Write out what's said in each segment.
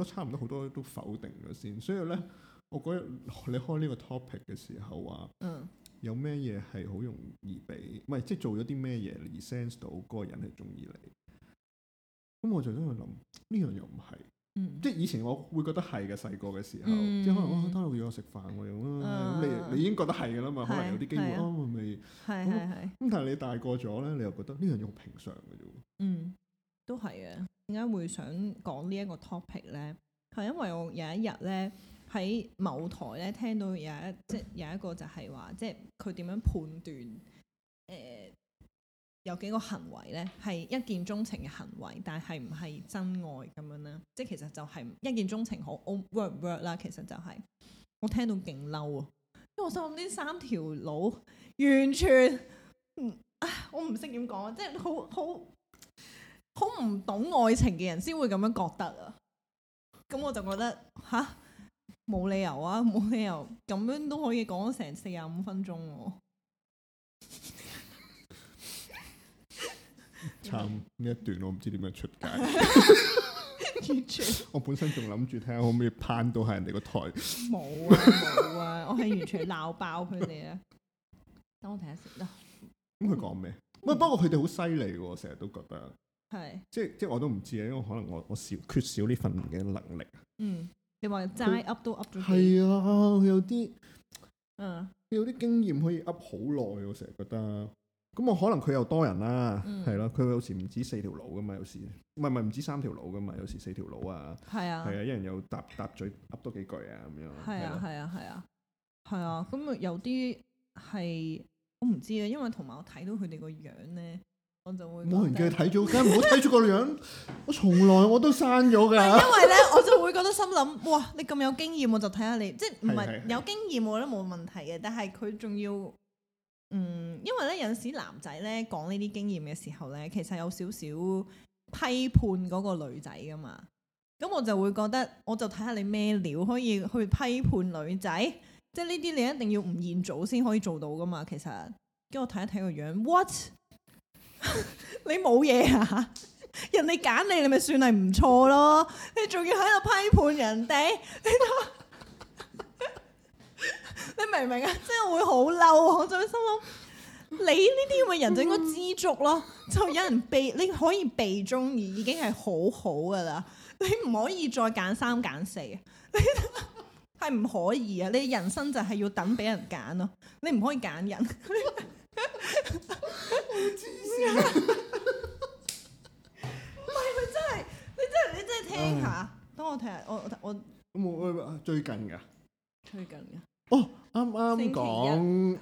都差唔多，好多都否定咗先。所以咧，我覺得你開呢個 topic 嘅時候話，有咩嘢係好容易俾，唔係即係做咗啲咩嘢而 sense 到嗰個人係中意你。咁我就喺度諗，呢樣又唔係，即係以前我會覺得係嘅。細個嘅時候，即係可能哦，當日約我食飯喎，咁你你已經覺得係嘅啦嘛。可能有啲機會哦，咪咁，但係你大個咗咧，你又覺得呢樣嘢好平常嘅啫。嗯，都係嘅。點解會想講呢一個 topic 咧？係因為我有一日咧喺某台咧聽到有一即係、就是、有一個就係話，即係佢點樣判斷誒、呃、有幾個行為咧係一見鍾情嘅行為，但係唔係真愛咁樣咧？即係其實就係一見鍾情好 ow, work work 啦。其實就係、是、我聽到勁嬲啊！因為我想呢三條路完全，我唔識點講，即係好好。好唔懂愛情嘅人先會咁樣覺得啊！咁我就覺得吓，冇理由啊，冇理由咁樣都可以講成四十五分鐘，哦。差呢一段我唔知點樣出街。 完全。 我本身仲諗住睇下可唔可以攀到係人哋個台，冇啊冇啊！啊 我係完全鬧爆佢哋啊！ 我等我睇下先。咁佢講咩？喂、嗯，不過佢哋好犀利嘅，成日都覺得。係是，即係即係，我都唔知啊，因為可能我我少缺少呢份嘅能力。嗯，你話齋 up 都 up 咗。係啊，佢有啲，嗯，佢有啲經驗可以 up 好耐，我成日覺得。咁我可能佢又多人啦，係咯、啊，佢有時唔止四條佬噶嘛，有時，唔係唔係唔止三條佬噶嘛，有時四條佬啊。係啊。係啊，一人有搭搭嘴 up 多幾句啊，咁樣。係啊，係啊，係啊，係啊，咁、啊嗯、有啲係我唔知啊，因為同埋我睇到佢哋個樣咧。我就會冇人叫睇咗，梗係唔好睇出個樣。 我從來我都刪咗噶。因為咧， 我就會覺得心諗，哇！你咁有經驗，我就睇下你，即係唔係有經驗我覺得冇問題嘅。但係佢仲要，嗯，因為咧有陣時男仔咧講呢啲經驗嘅時候咧，其實有少少批判嗰個女仔噶嘛。咁我就會覺得，我就睇下你咩料，可以去批判女仔，即係呢啲你一定要吳彥祖先可以做到噶嘛。其實叫我睇一睇個樣，what？你冇嘢啊？人哋揀你，你咪算係唔錯咯。你仲要喺度批判人哋，你， 你明唔明啊？即係會好嬲，我就心諗，你呢啲咁嘅人就應該知足咯。就有人被你可以被中意，已經係好好噶啦。你唔可以再揀三揀四，你係唔可以啊！你人生就係要等俾人揀咯，你唔可以揀人。 唔係，佢 真係，你真係，你真係聽下。等唉我聽下，我我我……我最近噶，最近噶。哦，啱啱講，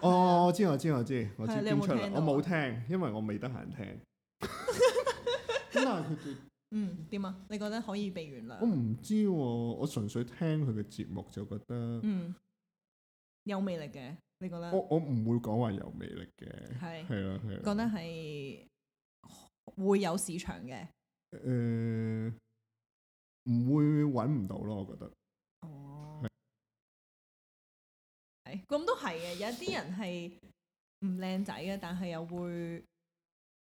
哦，我知，我知，我知，我知， 我知。你有冇聽？我冇聽，因為我未得閒聽。咁但佢嘅嗯點啊？你覺得可以被原諒啊？我唔知喎，我純粹聽佢嘅節目就覺得嗯有魅力嘅。你覺得？我我唔會講話有魅力嘅，係係啦，係覺得係會有市場嘅。誒、呃，唔會搵唔到咯，我覺得。哦，係咁都係嘅，有啲人係唔靚仔嘅， 但係又會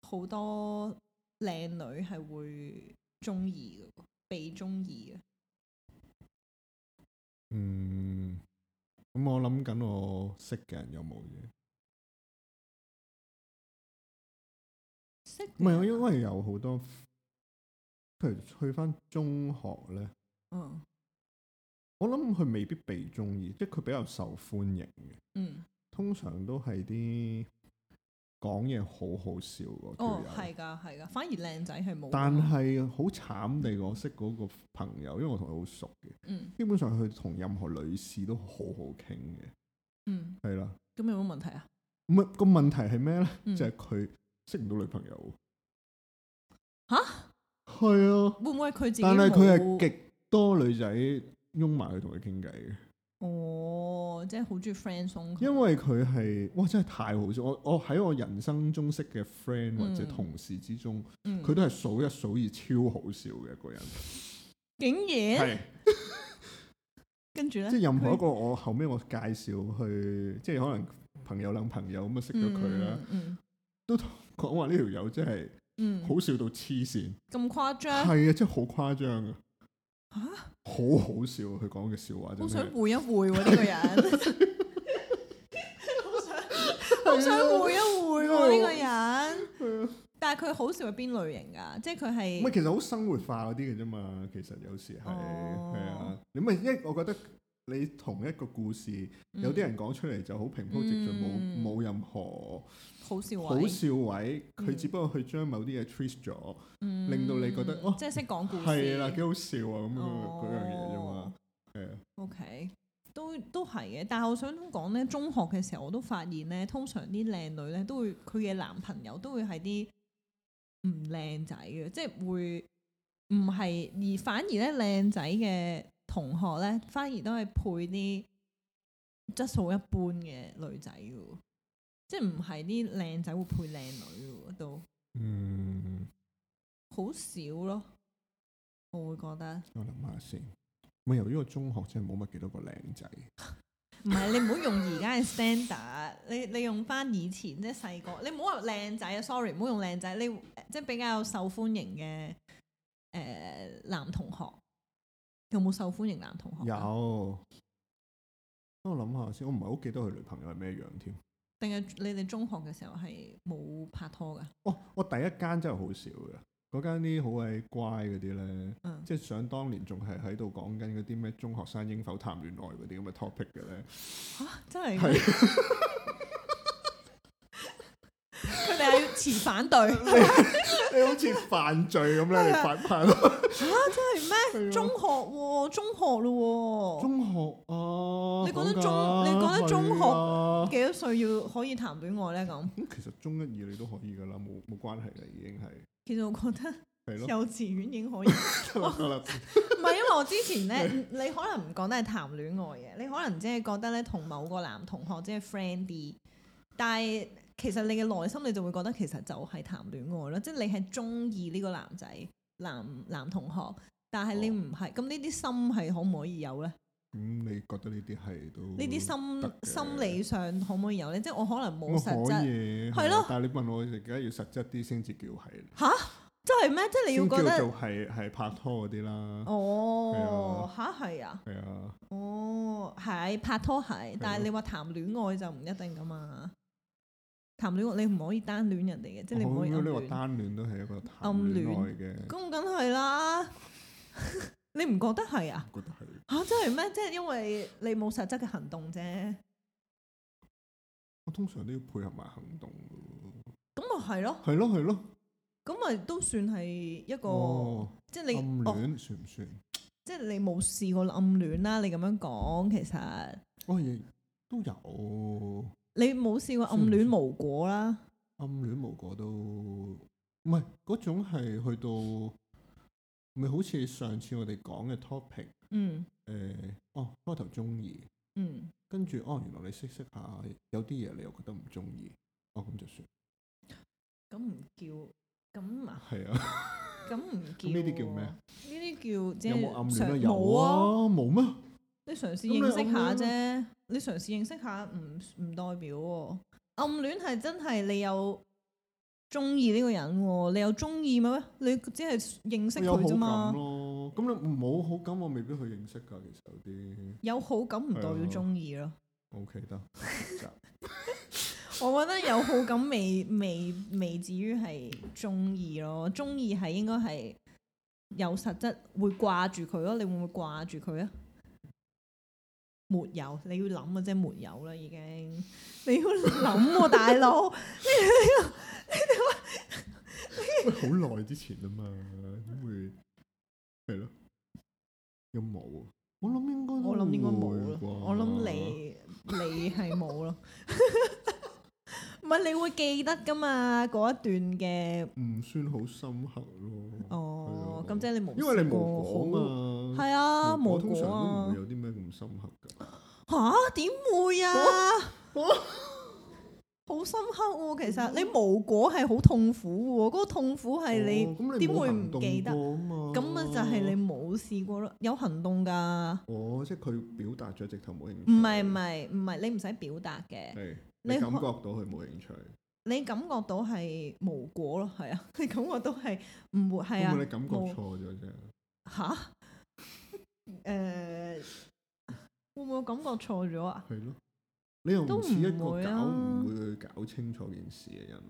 好多靚女係會中意嘅，被中意嘅。嗯。咁、嗯、我諗緊我認識嘅人有冇嘢？識？唔係我應該有好多，譬如去翻中學咧。嗯、我諗佢未必被中意，即佢比較受歡迎、嗯、通常都係啲。講嘢好好笑嘅，哦係噶係噶，反而靚仔係冇。但係好慘地，我識嗰個朋友，因為我同佢好熟嘅，嗯，基本上佢同任何女士都好好傾嘅，嗯，係啦的。咁、嗯、有冇問題啊？唔係個問題係咩咧？嗯、就係佢識唔到女朋友。吓？係啊。的會唔會佢自己？但係佢係極多女仔擁埋去同佢傾偈嘅。哦，即係好中意 friend 送佢，因為佢係哇，真係太好笑！我我喺我人生中識嘅 friend 或者同事之中，佢、嗯嗯、都係數一數二超好笑嘅一個人。竟然係，是 跟住咧，即係任何一個我，是我後屘我介紹去，即係可能朋友楞朋友咁啊，識咗佢啦，嗯、都講話呢條友真係，好笑到黐線，咁誇張，係、嗯、啊，真係好誇張啊！吓，好蛤好笑，佢講嘅笑話，好、啊、 個想會一會喎、啊、呢 個人，好想好想會一會咯呢個人。但係佢好笑係邊類型噶？即係佢係唔係？其實好生活化嗰啲嘅啫嘛。其實有時係係、哦、啊。你咪，因為我覺得。你同一個故事，嗯、有啲人講出嚟就好平鋪直敍，冇冇、嗯、任何好笑位。好笑位，佢、嗯、只不過去將某啲嘢 trick 咗，嗯、令到你覺得，哦，即係識講故事，係啦，幾好笑啊咁樣嗰樣嘢啫嘛，係啊、哦。的 o、okay, K，都都係嘅，但係我想講咧，中學嘅時候我都發現咧，通常啲靚女咧都會佢嘅男朋友都會係啲唔靚仔嘅，即係會唔係而反而咧靚仔嘅。同學咧，反而都係配啲質素一般嘅女仔嘅，即係唔係啲靚仔會配靚女嘅都，嗯，好少咯，我會覺得。我諗下先，咪由於個中學真係冇乜幾多個靚仔，唔係 你唔好用而家嘅 standard 你你用翻以前即係細個，你唔好話靚仔啊，sorry，唔好用靚仔，你即係比較受歡迎嘅誒、呃、男同學。有冇受歡迎男同學？有，等我諗下先，我唔係好記得佢女朋友係咩樣添。定係你哋中學嘅時候係冇拍拖噶？哦，我第一間真係好少噶，嗰間啲好鬼乖嗰啲咧，嗯、即係想當年仲係喺度講緊嗰啲咩中學生應否談戀愛嗰啲咁嘅 topic 嘅咧。吓、啊，真係。反對， 你好似犯罪咁咧，你反派咯啊，真係咩？啊、中學喎，啊，中學嘞，啊、喎，中學哦。你覺得中？啊、你覺得中學幾多歲要可以談戀愛咧？咁咁其實中一二你都可以噶啦，冇冇關係嘅，已經係。其實我覺得係咯，幼稚園已經可以。唔係因為我之前咧，啊，你可能唔講得係談戀愛嘅，你可能只係覺得咧，同某個男同學即係 friend 啲。但係。其實你嘅內心你就會覺得其實就係談戀愛咯，即係你係中意呢個男仔男男同學，但係你唔係。咁呢啲心係可唔可以有咧？咁你覺得呢啲係都呢啲心心理上可唔可以有咧？即係我可能冇實質嘢，係咯。但係你問我而家要實質啲先至叫係吓？即係咩？即係你要覺得係係拍拖嗰啲啦。哦，吓？係啊，係啊，哦係拍拖係，但係你話談戀愛就唔一定㗎嘛。談戀愛你唔可以單戀人哋嘅，哦、即係你唔可以戀單戀。暗戀都係一個談戀愛嘅。咁梗係啦， 你唔覺得係啊？覺得係。嚇！即係咩？即係因為你冇實質嘅行動啫。我通常都要配合埋行動。咁咪係咯。係咯係咯。咁咪都算係一個，哦、即係你暗戀、哦、算唔算？即係你冇試過暗戀啦，你咁樣講其實。我亦都有。你冇試過暗戀無果啦？暗戀無果都唔係嗰種，係去到咪，好似上次我哋講嘅 topic，嗯，誒、哦，開頭中意，嗯，跟住哦，原來你識識下有啲嘢，你又覺得唔中意。哦，咁就算咁，唔叫咁啊。係啊，咁唔叫咁，呢啲叫咩啊？呢啲叫，即係有冇暗戀啊？有啊。冇咩？你嘗試認識下啫，你嘗試認識下唔唔代表、啊、暗戀係真係你有中意呢個人喎、啊，你有中意咩？你只係認識佢啫嘛。有好感咯，咁你冇好感，我未必去認識噶。其實有啲有好感唔代表中意咯。O K 得。我覺得有好感未未未至於係中意咯，中意係應該係有實質會掛住佢咯。你會唔會掛住佢啊？沒有，你要諗啊，即係，沒有啦，已經你要諗啊，大佬。你你你點啊？唔係好耐之前啊嘛，因為係咯，又冇。我諗應該我諗應該冇啦。我諗你你係冇咯。唔係你會記得噶嘛？嗰一段嘅唔算好深刻咯。哦，咁即係你冇，因為你冇講啊。係啊，冇講啊。我通常都唔會有啲咩咁深刻。吓？點會啊？好深刻喎，其實你無果係好痛苦嘅，嗰個痛苦係你點會唔記得啊？嘛，咁啊就係你冇試過咯，有行動噶。哦，即係佢表達咗直頭冇興趣。唔係唔係唔係，你唔使表達嘅。係你感覺到佢冇興趣。你感覺到係無果咯，係啊。你感覺到係唔會？係啊！你感覺錯咗啫。吓？誒。會唔會感覺錯咗啊？係咯，你又唔似一個搞唔會去、啊、搞，搞清楚件事嘅人。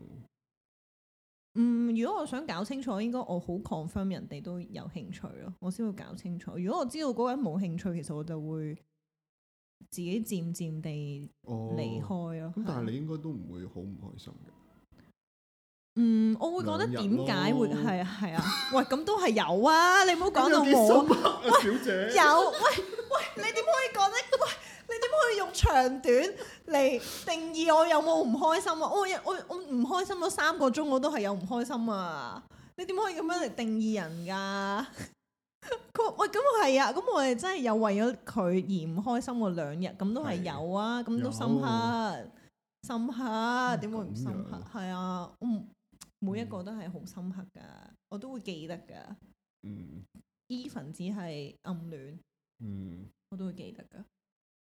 嗯，如果我想搞清楚，應該我好 confirm 人哋都有興趣咯，我先會搞清楚。如果我知道嗰個人冇興趣，其實我就會自己漸漸地離開咯。咁、哦、是但係你應該都唔會好唔開心嘅。嗯，我會覺得點解會係係啊？ 喂，咁都係有啊！你唔好講到我， 啊、小姐 有喂喂，喂，喂，你點？長短嚟定義我有冇唔開心啊？我我我唔開心咗三個鐘，我都係有唔開心啊！你點可以咁樣嚟定義人噶？ 喂，咁我係啊，咁我係真係有為咗佢而唔開心過兩日，咁都係有啊，咁都深刻有深刻，點、啊、會唔深刻？係樣啊，嗯，每一個都係好深刻噶，嗯、我都會記得噶。even 只係暗戀，嗯、我都會記得噶。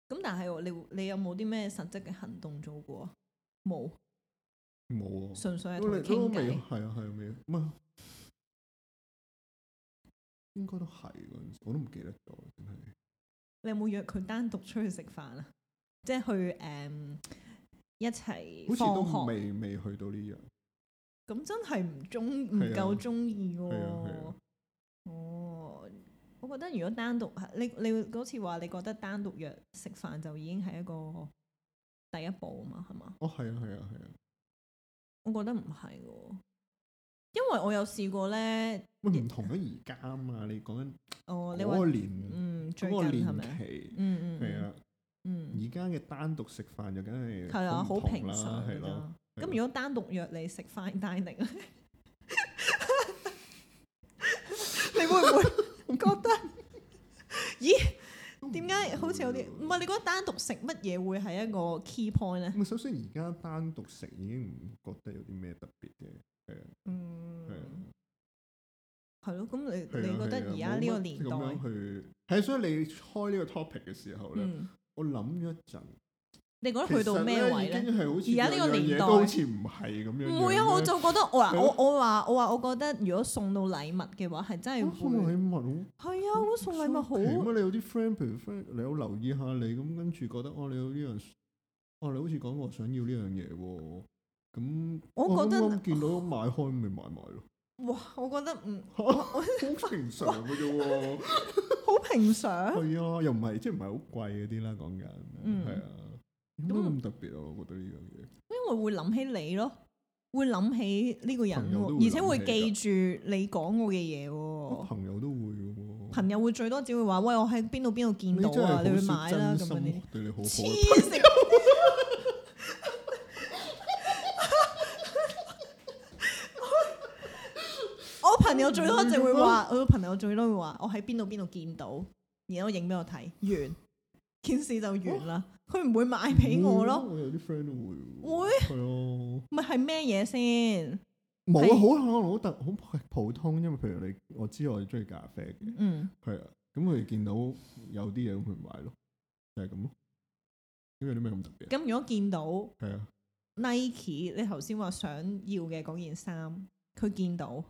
咁但係喎，你你有冇啲咩實質嘅行動做過？冇，冇啊，純粹係傾偈，係啊係啊未啊，應該都係嗰陣時，我都唔記得咗，真係。你有冇約佢單獨出去食飯、um, 啊？即係去誒一齊放學未？好似都未去到呢樣，咁真係唔中唔夠中意喎。我覺得如果單獨，你你會好似話，你，你覺得單獨約食飯就已經係一個第一步啊嘛，係嘛？哦，係啊，係啊，係啊！我覺得唔係嘅，因為我有試過咧。喂、欸，唔同咗而家啊嘛，你講緊哦，嗰個年，嗯，嗰個年期，嗯嗯吧，係啊，嗯，而家嘅單獨食飯就梗係係啊，好平常係咯。咁、啊啊啊、如果單獨約你食 fine dining 你會唔不會？ 覺得 咦？點解好似有啲唔係？你覺得單獨食乜嘢會係一個 key point 咧？咁首先而家單獨食已經唔覺得有啲咩特別嘅，係啊，嗯，係咯的。咁你的你覺得而家呢個年代去係，所以你開呢個 topic 嘅時候咧，嗯、我諗咗一陣。你覺得去到咩位咧？而家呢個年代，好似唔係咁樣。唔會啊！我就覺得我話 我我話我話我覺得，如果送到禮物嘅話，係真係送禮物咯。係啊，我送禮物好。你有啲 friend 譬如 friend，你好留意下你咁跟住覺得哦，你有呢樣哦，你好似講話想要呢樣嘢喎。咁我覺得見、啊、到買開咪買埋咯。哇！我覺得唔嚇，好 平常嘅啫喎， 好平常。係啊，又唔係即係唔係好貴嗰啲啦，講緊係、嗯、啊。咁都咁特別啊！我覺得呢樣嘢，因為會諗起你咯，會諗起呢個人，而且會記住你講我嘅嘢。朋友都會，朋友會最多只會話：喂，我喺邊度邊度見到啊！你會買啦咁樣啲。對你好好。我朋友最多就會話，我朋友最多會話，我喺邊度邊度見到，然後影俾我睇完件事就完啦，佢唔哇會買俾我咯。會啊、我有啲 friend 都會，會係咪係咩嘢先？冇啊，好可能好特好普通，因為譬如你我知我中意咖啡嘅，嗯，係啊。咁佢哋見到有啲嘢佢買咯，就係咁咯。因為啲咩咁特別啊？咁如果見到係啊 Nike，你頭先話想要嘅嗰件衫，佢見到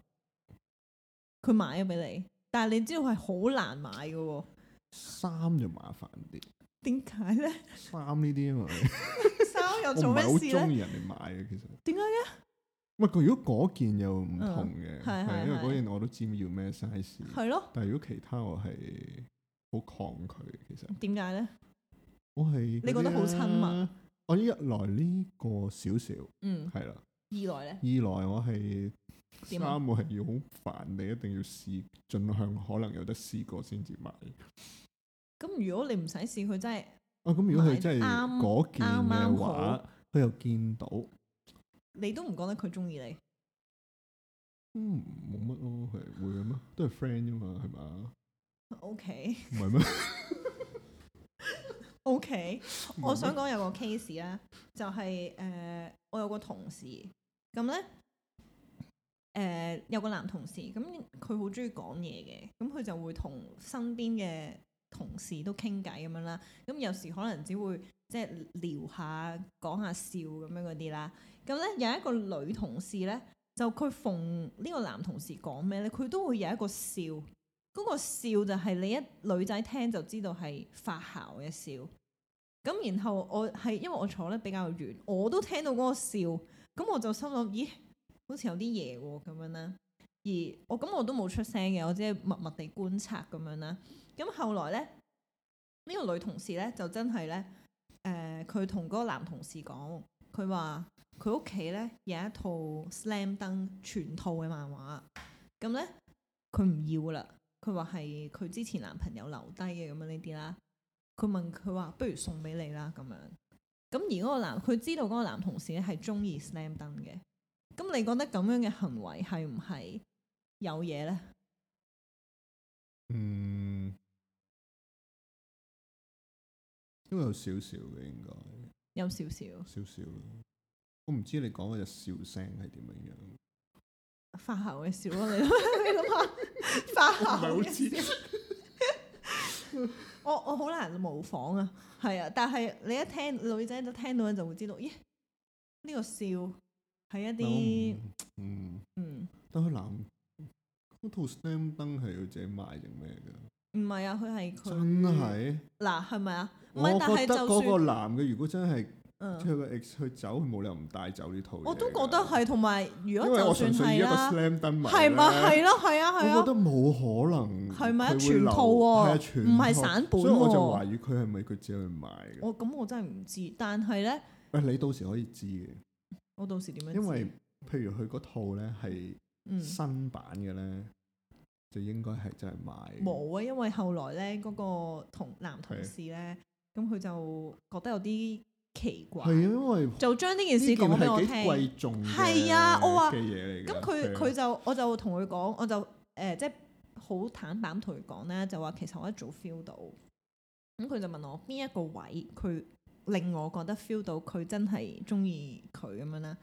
佢買咗俾你，但係你知道係好難買噶喎。衫就麻煩啲。點解咧？衫呢啲啊嘛，衫又做咩咧？我唔係好中意人哋買嘅，其實。點解嘅？喂，如果嗰件又唔同嘅，係因為嗰件我都知要咩 size。係咯。但係如果其他我係好抗拒，其實。點解咧？我係你覺得好親密。我一來呢個少少，嗯，係啦。二來咧？二來我係三我係要好煩，你一定要試，盡向可能有得試過先至買。咁如果你唔使試佢真係，啊咁如果佢真係啱嗰件嘅話，佢又見到，你都唔覺得佢中意你？嗯，冇乜咯，佢係會嘅咩？都係 friend 啫嘛，係嘛？OK，唔係咩？OK，我想講有個，個 case 咧，就是，就係誒，我有個同事，咁咧，誒、呃、有個男同事，咁佢好中意講嘢嘅，咁佢就會同身邊嘅。同事都傾偈咁樣啦，咁有時可能只會即係聊下、講下笑咁樣嗰啲啦。咁咧有一個女同事咧，就佢逢呢個男同事講咩咧，佢都會有一個笑。嗰個笑就係你一女仔聽就知道係發姣嘅笑。咁然後我係因為我坐得比較遠，我都聽到嗰個笑。咁我就心諗，咦，好似有啲嘢喎咁樣啦。而我咁我都冇出聲嘅，我只係默默地觀察咁樣啦。咁後來呢，呢個女同事呢，就真係呢。誒，佢同嗰個男同事講，佢話佢屋企呢有一套《Slam 登》全套嘅漫畫，咁呢，佢唔要啦，佢話係佢之前男朋友留低嘅咁樣呢啲啦。佢問佢話，不如送俾你啦咁樣。咁而嗰個男，佢知道嗰個男同事呢係中意《Slam 登》嘅，咁你覺得咁樣嘅行為係唔係有嘢呢？嗯。都有少少嘅，應該有少少少少。我唔知你講嘅就笑聲係點樣樣，發姣嘅笑咯。你諗下，發姣唔係好知 我。我我好難模仿啊，係啊。但係你一聽女仔就聽到，你就會知道，咦？呢、這個笑係一啲嗯嗯都難。嗰、嗯、套 Sam 燈係要自己買定咩噶？唔係啊，佢係佢。真係嗱，係咪啊？唔係，但係嗰個男嘅如果真係，嗯，出個 X 去走，佢冇理由唔帶走呢套。我都覺得係，同埋如果就算係啦，係咪係咯？係啊，係啊。我覺得冇可能。係咪一全套啊？唔係散本。所以我就懷疑佢係咪佢自己去買嘅？我咁我真係唔知，但係咧。誒，你到時可以知嘅。我到時點樣？因為譬如佢嗰套咧係新版嘅咧。就應該係真係買。冇啊，因為後來咧，嗰個同男同事咧，咁佢係、啊、就覺得有啲奇怪。係啊，因為就將呢件事講俾我聽。幾貴重嘅嘢嚟嘅。咁佢佢就我就同佢講，我就誒即係好坦白同佢講咧，就話其實我一早 feel 到。咁佢就問我邊一個位，佢令我覺得 feel 到佢真係中意佢咁樣咧。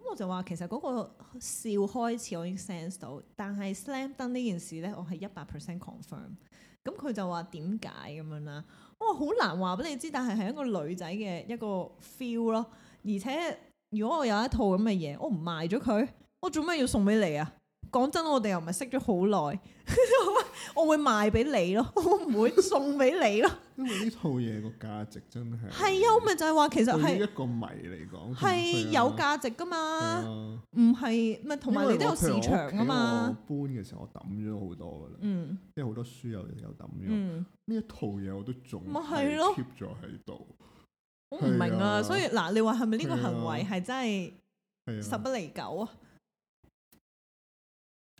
咁我就話其實嗰個笑開始我已經 sense 到，但係 slam 燈呢件事呢，我係一百 percent confirm。咁佢就話點解咁樣啦？我、哦、好難話俾你知，但係係一個女仔嘅一個 feel 咯。而且如果我有一套咁嘅嘢，我唔賣咗佢，我做咩要送俾你啊？講真，我哋又唔係識咗好耐。 我會賣俾你咯，我唔會送俾你咯。因為呢套嘢個價值真係係啊，咪就係話其實係一個迷嚟講，係有價值噶嘛，唔係咪同埋你都有市場噶嘛。搬嘅時候我抌咗好多噶啦，嗯，因為好多書又又抌咗，嗯，呢一套嘢我都仲咪係咯，keep 咗喺度。我唔明啊，所以嗱，你話係咪呢個行為係真係十不離九啊？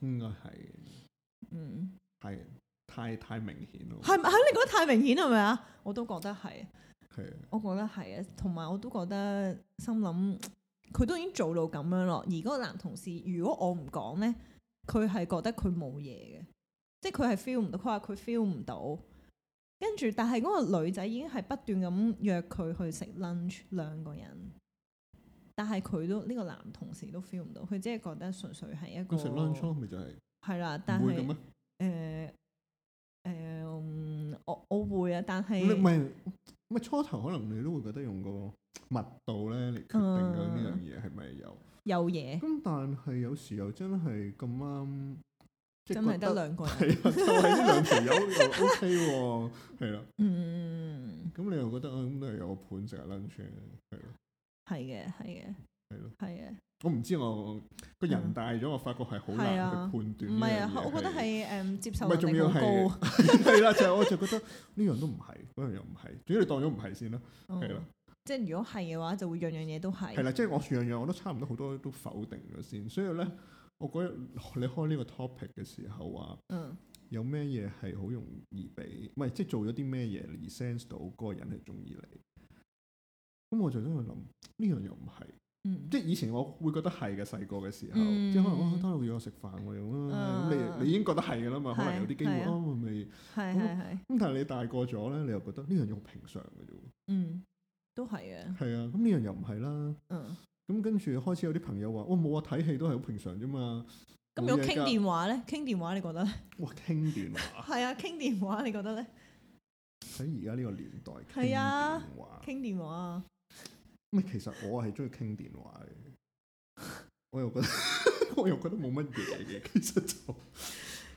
應該係，嗯。係太太明顯咯，係咪？你覺得太明顯係咪啊？我都覺得係，係，是的 我覺得係啊，同埋我都覺得心諗，佢都已經做到咁樣咯。而嗰個男同事，如果我唔講咧，佢係覺得佢冇嘢嘅，即係佢係 feel 唔到，佢話佢 feel 唔到。跟住，但係嗰個女仔已經係不斷咁約佢去食 lunch，兩個人，但係佢都呢、呢個男同事都 feel 唔到，佢只係覺得純粹係一個佢食 lunch 咪就係係啦，但係。誒誒、呃呃，我我會啊，但係唔係唔初頭可能你都會覺得用個密度咧嚟決定緊呢樣嘢係咪有、嗯、有嘢？咁但係有時候真係咁啱，就是、真係得兩個人，係啊，就係呢兩條友又又 OK 喎、啊，係啦、啊，嗯，咁你又覺得啊，咁都係有個盤食 lunch 嘅，係咯，係嘅，係嘅的，係咯，係嘅。我唔知我個人大咗，我發覺係好難去判斷。唔係啊，啊是我覺得係誒、嗯、接受嘅程度高。係 啦，就係我就覺得呢樣都唔係，嗰樣又唔係。總之你當咗唔係先啦，係啦。即係如果係嘅話，就會樣樣嘢都係。係啦，即係我樣樣我都差唔多好多都否定咗先。所以咧，我覺得你開呢個 topic 嘅時候啊，有咩嘢係好容易俾？唔係、嗯，即係做咗啲咩嘢而 sense 到嗰個人係中意你。咁我就喺度諗，呢樣又唔係。即係以前我會覺得係嘅，細個嘅時候，即係可能哦，多路約我食飯喎，咁你你已經覺得係嘅啦嘛，可能有啲機會哦，咪咁，但係你大個咗咧，你又覺得呢樣嘢好平常嘅啫。嗯，都係嘅。係啊，咁呢樣又唔係啦。嗯，咁跟住開始有啲朋友話，我冇啊，睇戲都係好平常啫嘛。咁如果傾電話咧，傾電話你覺得咧？哇，傾電話。係啊，傾電話你覺得咧？喺而家呢個年代，傾電話。傾電話。其實我係中意傾電話嘅， 我又覺得我又覺得冇乜嘢嘅。其實就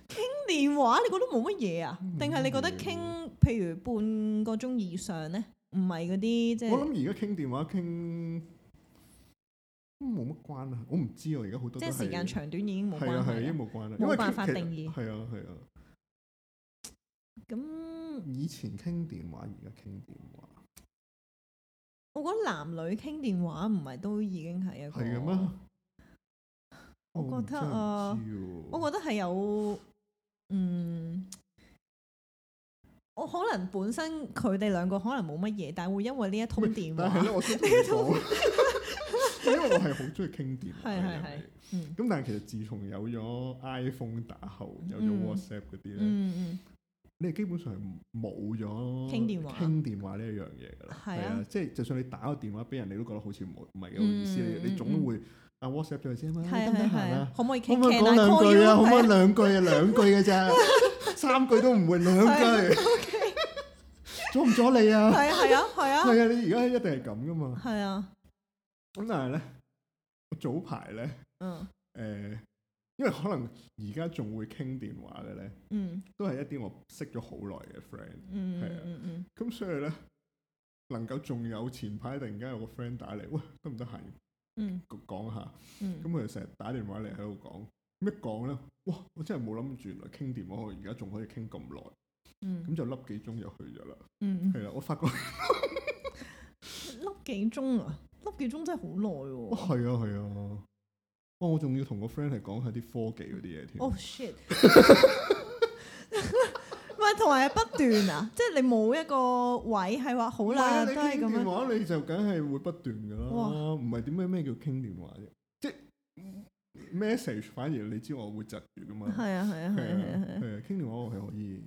傾電話，你覺得冇乜嘢啊？定係你覺得傾，譬如半個鐘以上咧，唔係嗰啲即係。我諗而家傾電話傾冇乜關係，我唔知啊。而家好多即係時間長短已經冇關係，已經冇關啦。冇辦法定義。係啊係啊。咁以前傾電話，而家傾電話。我覺得男女傾電話唔係都已經係一個，我覺得啊，我，啊、我覺得係有，嗯， 我可能本身佢哋兩個可能冇乜嘢，但會因為呢一通電話呢， 因為我係好中意傾電話，係係係，咁但係其實自從有咗 iPhone 打後，有咗 WhatsApp 嗰啲咧，嗯，嗯嗯。你基本上冇咗傾電話，傾電話呢一樣嘢噶啦，係啊，即係就算你打個電話俾人，你都覺得好似冇，唔係嘅意思，你總都會啊 WhatsApp 咗佢先啊，得係啊？可唔可以傾？可唔可以講兩句啊？可唔可以兩句啊？兩句嘅咋？三句都唔會，兩句，阻唔阻你啊？係啊，係啊，係啊，係啊！你而家一定係咁噶嘛？係啊。咁但係咧，早排咧，嗯，誒。因為可能而家仲會傾電話嘅咧，都係一啲我識咗好耐嘅 friend，係啊，咁所以咧能夠仲有前排突然間有個 friend 打嚟，哇，得唔得閒？嗯，講下，咁佢哋成日打電話嚟喺度講，咩講咧？哇，我真係冇諗住，原來傾電話我而家仲可以傾咁耐，咁就粒幾鐘就去咗啦，係啦，我發覺粒幾鐘啊，粒幾鐘真係好耐喎，係啊，係啊。我仲要同個 friend 係講下啲科技嗰啲嘢添。Oh shit！唔係，同埋係不斷啊！即係你冇一個位係話好啦，都係咁樣。傾電話你就梗係會不斷噶啦，唔係點解咩叫傾電話啫？即係 message，反而你知我會窒住噶嘛。係啊係啊係啊係啊！傾電話我係可以。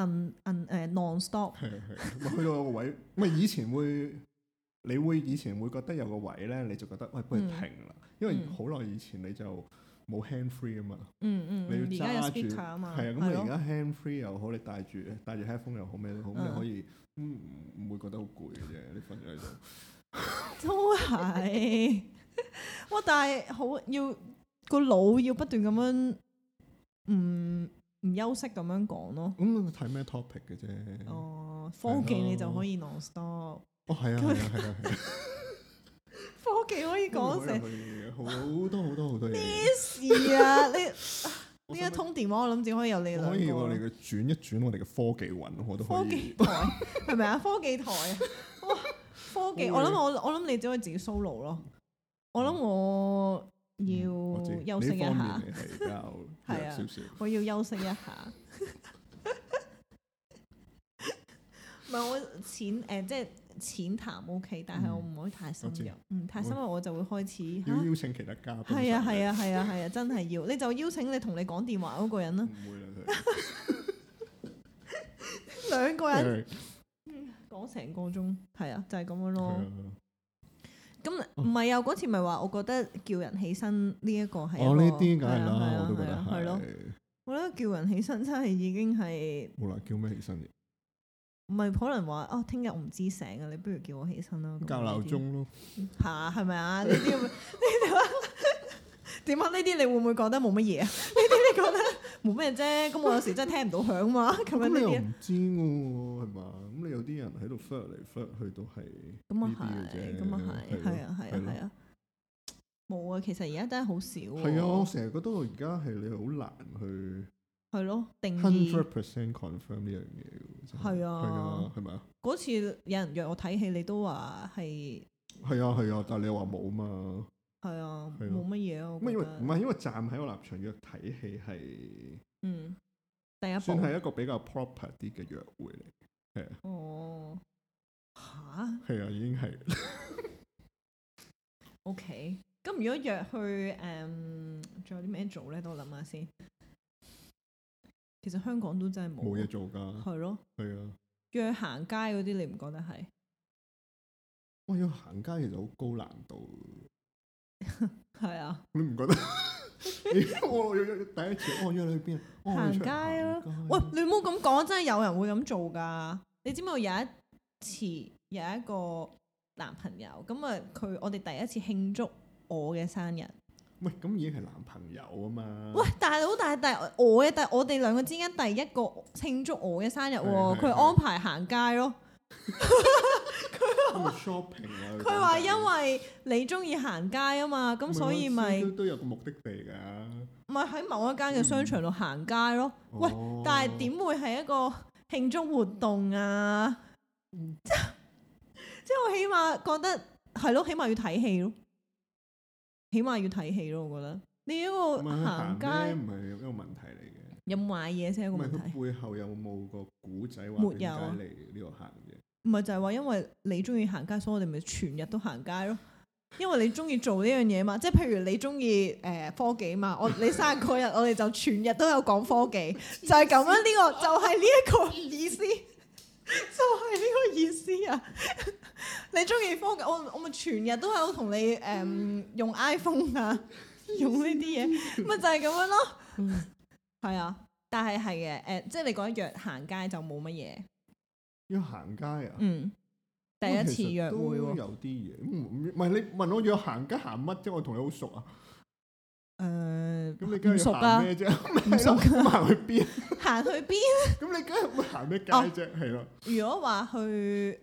嗯嗯誒，non-stop 係係，去到個位，唔係以前會，你會以前會覺得有個位咧，你就覺得喂，不如停啦。因為好耐以前你就冇 handfree 啊嘛，嗯嗯，嗯你要揸住，係啊，咁你而家 handfree 又好，你戴住戴住 headphone 又好咩都好，好嗯、你可以唔唔、嗯、會覺得好攰嘅啫，你瞓住喺度都係，哇！但係好要個腦要不斷咁樣唔唔休息咁樣講咯。咁睇咩 topic 嘅啫？哦，的科技你就可以 non-stop。哦，係啊，係啊，係啊。科技可以講成好多好多好多嘢？咩事啊？你呢一 通電話，我諗只可以有你兩個。可以我哋嘅轉一轉我哋嘅科技運，好多科技台係咪 啊？科技台啊！ 科技 我諗我我諗你只可以自己 solo 咯、嗯。我諗我要休息一下，係 啊，我要休息一下。唔 係我錢誒、呃，即係。淺談 O K，但係我唔可以太深入，唔太深入我就會開始。邀請其他嘉賓。係啊係啊係啊係啊，真係要你就邀請你同你講電話嗰個人啦。唔會啦，兩個人講成個鐘係啊，就係咁樣咯。咁唔係啊，嗰次咪話我覺得叫人起身呢一個係。我呢啲梗係啦，我都覺得係咯。我覺得叫人起身真係已經係。冇啦，叫咩起身？唔係可能話哦，聽日我唔知醒啊，你不如叫我起身啦，教鬧鐘咯，係係咪啊？呢啲呢啲點啊？呢啲你會唔會覺得冇乜嘢啊？呢啲你覺得冇咩啫？咁我有時真係聽唔到響嘛，咁樣你又唔知喎，係嘛？咁你有啲人喺度 fall 嚟 fall 去都係咁啊，係咁啊，係係啊，係啊，係啊，冇啊。其實而家真係好少啊。係啊，我成日覺得我而家係你好難去。係咯，定義。hundred percent confirm 呢樣嘢。係啊，係咪啊？嗰次有人約我睇戲，你都話係、啊。係啊係啊，但係你又話冇嘛？係啊，冇乜嘢，啊、我覺得為。唔係因為站喺我立場約睇戲係，嗯，第一。係一個比較 proper 啲嘅約會嚟，係啊。哦。吓？係啊，已經係。O K，咁如果約去誒，仲、um, 有啲咩做咧？等我諗下先。其實香港都真係冇冇嘢做噶，係咯，係啊。約行街嗰啲，你唔覺得係？我要行街其實好高難度，係 啊。你唔覺得？我、 哦、第一次，我、哦、約你去邊行街咯。喂、 哦，你唔好咁講，真係有人會咁做噶？你知唔知？我有一次，有一個男朋友咁啊，佢，我哋第一次慶祝我嘅生日。喂，咁已經係男朋友啊嘛！喂，大佬好，但係但我嘅，但我哋兩個之間第一個慶祝我嘅生日喎，佢安排行街咯。佢 說話因為你中意行街啊嘛，咁是所以咪都有個目的地嘅。唔係喺某一間嘅商場度行街咯。嗯、喂，但係點會係一個慶祝活動啊？嗯、 即即我起碼覺得係咯，起碼要睇戲咯。起碼要睇戲咯，我覺得。你一個行街唔係一個問題嚟嘅，有買嘢先係一個問題。背後有冇個古仔話點解嚟呢度行嘅？唔係就係話，因為你中意行街，所以我哋咪全日都行街咯。因為你中意做呢樣嘢嘛，即係譬如你中意誒科技嘛，我你生日嗰日， 我哋就全日都有講科技， 就係咁樣。呢、 呢個就係呢一個意思。 就係呢個意思啊！ 你中意科技，我我咪全日都有同你誒、um, 用 iPhone 啊，用呢啲嘢，咪就係咁樣咯。係 啊，但係係嘅，誒、呃，即係你講約行街就冇乜嘢。要行街啊？嗯，第一次約會。有啲嘢唔唔，唔係、嗯嗯嗯嗯、你問我約行街行乜啫？我同你好熟啊。誒，咁、嗯、你而家要行咩啫？唔熟噶，行、啊、去邊？行去邊？咁你而家會行咩街啫？係咯、嗯？如果話去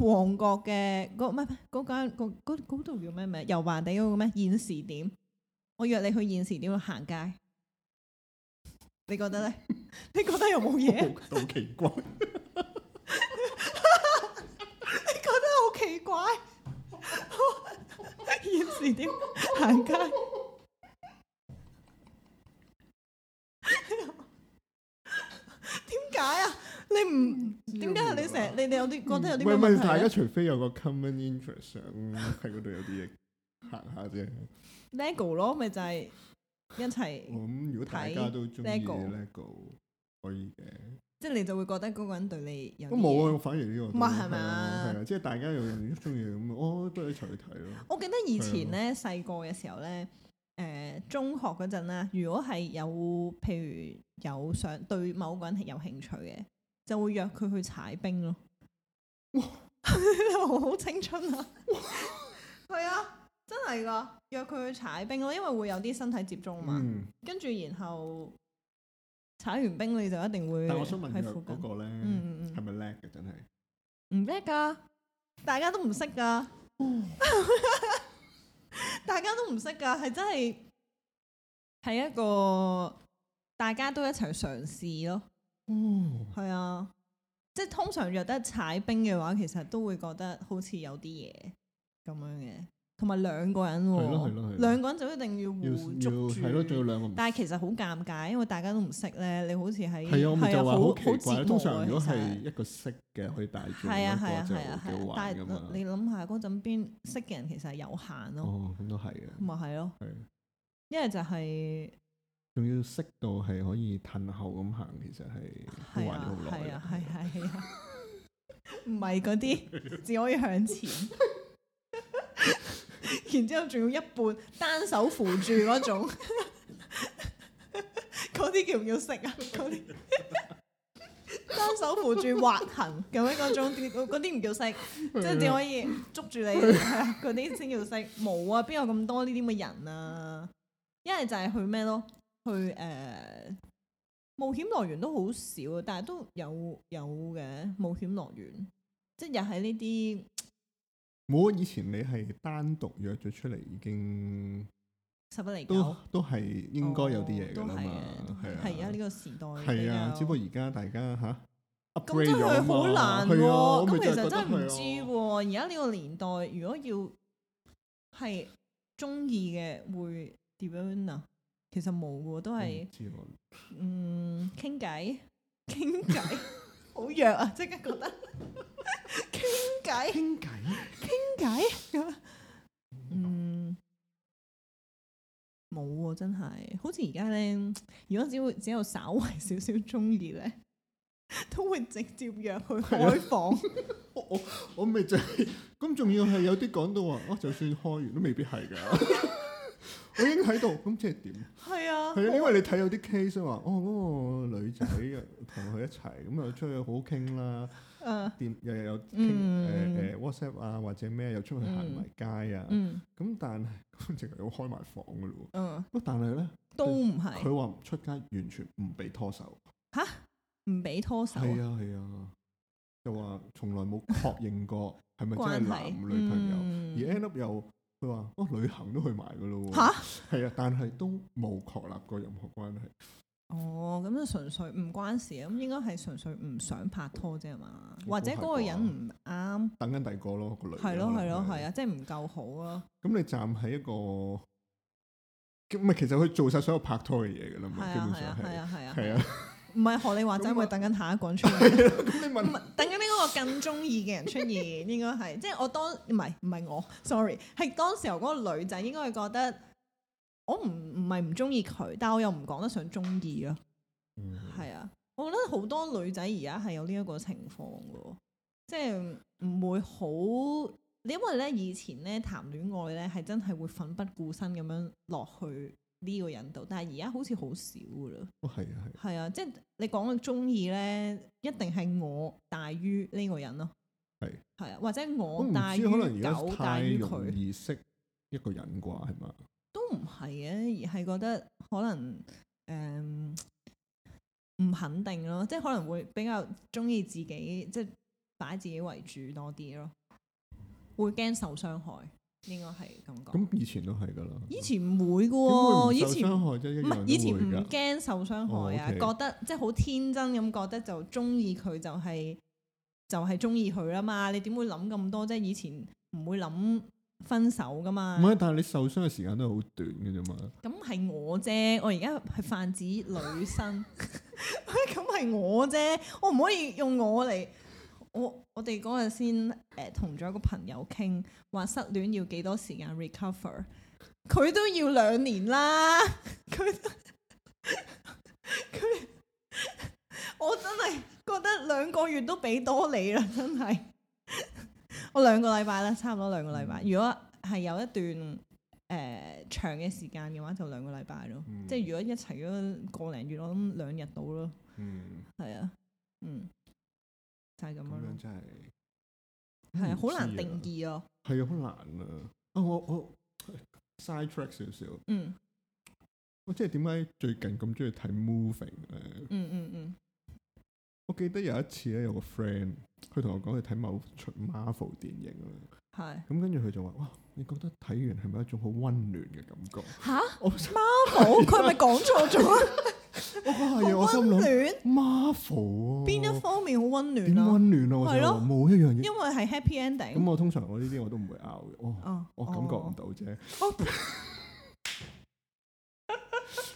旺角嘅嗰唔嗰間度叫咩名？油麻地嗰個咩？現時點？我約你去現時點行街，你覺得咧？你覺得有冇嘢？好 奇，怪 奇怪，你覺得好奇怪？現時點行街？你你有啲覺得有啲咩問題？問問大家，除非有個 common interest 想喺嗰度，有啲嘢行下啫。LEGO 咯，咪就係一齊。咁如果大家都中意 LEGO，可以嘅。即係你就會覺得嗰個人對你有。冇啊！反而呢個。唔係係咪？係啊！即係大家又中意咁，我都都一齊去睇咯。我記得以前咧細個嘅時候咧，誒中學嗰陣啦，如果係有譬如有想對某個人係有興趣嘅，就會約佢去踩冰咯。哇，好 青春啊！係哇 啊，真係噶，約佢去踩冰咯，因為會有啲身體接觸啊嘛。嗯、跟住然後踩完冰，你就一定會。但我想問佢嗰個咧，係咪叻嘅？真係唔叻噶，大家都唔識噶，大家都唔識噶，係真係係一個大家都一齊嘗試咯。嗯、哦，係啊。即係通常約得踩冰嘅話，其實都會覺得好似有啲嘢咁樣嘅，同埋兩個人喎，兩個人就一定要要互捉住係咯，仲要兩個。但係其實好尷尬，因為大家都唔識咧，你好似喺係啊，我就話好奇怪。通常如果係一個識嘅可以帶住咁多就幾好玩㗎嘛。你諗下嗰陣邊識嘅人其實係有限咯。哦，咁都係嘅。咪係咯，係，因為就係。仲要識到係可以褪後咁行，其實係玩咗好耐。係啊，係啊，係啊，唔係嗰啲，只可以向前。 然之後仲要一半單手扶住嗰種，嗰啲 叫唔叫識啊？嗰啲單手扶住滑行咁樣嗰種，嗰啲唔叫識，即係 只可以捉住你嗰啲先叫識。冇 啊，邊 有咁、啊、多呢啲咁嘅人啊？一係就係去咩咯？去誒、呃、冒險樂園都好少，但係都有有嘅冒險樂園，即係又喺呢啲。冇，以前你係單獨約咗出嚟已經十不離九，都係應該有啲嘢噶啦嘛。係啊，呢個時代係啊，只不過而家大家吓咁真 upgrade 咗好難。咁其實真係唔、啊、知、啊。而家呢個年代，如果要係中意嘅，會點樣啊？其實冇喎，都係嗯傾偈傾偈， 好弱啊！即刻覺得傾偈傾偈傾偈咁， 天嗯冇喎，真係好似而家咧，如果只會只有稍為少少鍾意咧，都會直接約去開房。我我我未最咁仲要係有啲講到話，我、哦、就算開完都未必係㗎。 我 已經喺度，咁即係點？係啊，係因為你睇有啲 case 話，哦嗰個女仔同佢一齊，咁又出去好傾啦，點、啊、又又又傾誒誒、嗯呃、WhatsApp 啊，或者咩又出去行埋街啊，咁但係佢直情有開埋房㗎咯喎。嗯，但係咧、嗯、都唔係。佢話出街完全唔俾拖手。吓？唔俾拖手。係啊係啊，就話、啊啊啊啊、從來冇確認過係咪真係男女朋友，而 end up 又。嗯佢話：我旅行都去埋噶咯喎，係啊，但係都冇確立過任何關係。哦，咁就純粹唔關事啊，咁應該係純粹唔想拍拖啫嘛，或者嗰個人唔啱。等緊第個咯，個女。係咯係咯係啊，即係唔夠好咯。咁你站喺一個咁咪其實佢做晒所有拍拖嘅嘢噶啦嘛，基本上係。係啊係啊。係啊。唔係學你話齋，我會等緊下一個人出嚟。咁 你問？唔係等緊呢嗰個更中意嘅人出現， 應該係即係我當唔係唔係我，sorry，係當時候嗰個女仔應該係覺得我唔唔係唔中意佢，但係我又唔講得上中意咯。嗯，係啊，我覺得好多女仔而家係有呢一個情況嘅，即係唔會好。因為咧以前咧談戀愛咧係真係會奮不顧身咁樣落去。呢個人度，但係而家好似好少噶啦。哦，係啊，係啊的，即係你講嘅中意咧，一定係我大於呢個人咯。係係啊，的的或者我，我大於狗大於佢。易識一個人啩，係嘛？都唔係嘅，而係覺得可能誒唔、嗯、肯定咯，即係可能會比較中意自己，即係擺自己為主多啲咯，會驚受傷害。應該係咁講。咁以前都係噶啦。以前唔會噶喎、啊，以前唔驚受傷害啊，哦 okay、覺得即係好天真咁覺得就中意佢就係、是、就係中意佢啊嘛。你點會諗咁多啫？以前唔會諗分手噶嘛。唔係，但係你受傷嘅時間都係好短嘅啫嘛。咁係我啫，我而家係泛指女生。咁係 我啫，我唔可以用我嚟。我我哋嗰日先誒同咗一個朋友傾，話失戀要幾多時間 recover？佢都要兩年啦，佢佢我真係覺得兩個月都俾多你啦，真係 我兩個禮拜啦，差唔多兩個禮拜。嗯、如果係有一段誒、呃、長嘅時間嘅話，就兩個禮拜咯。嗯、即係如果一齊咗個零月，我諗兩日到咯。嗯，係啊，嗯。就係咁樣咯，真係係好難定義哦。係啊，好、啊、難啊！啊，我我、嗯、side track 少少。嗯。我即係點解最近咁中意睇 Moving 咧、啊？嗯嗯嗯。我記得有一次咧，有個 friend 佢同我講佢睇某出 Marvel 電影啊。係是。咁跟住佢就話：哇，你覺得睇完係咪一種好温暖嘅感覺？吓？我 Marvel 佢係咪講錯咗啊？ 我覺得係啊，我心諗，Marvel 邊一方面好温暖啊？温暖啊？我覺得冇一樣嘢，因為係 Happy Ending。咁我通常我呢啲我都唔會拗嘅，我我感覺唔到啫。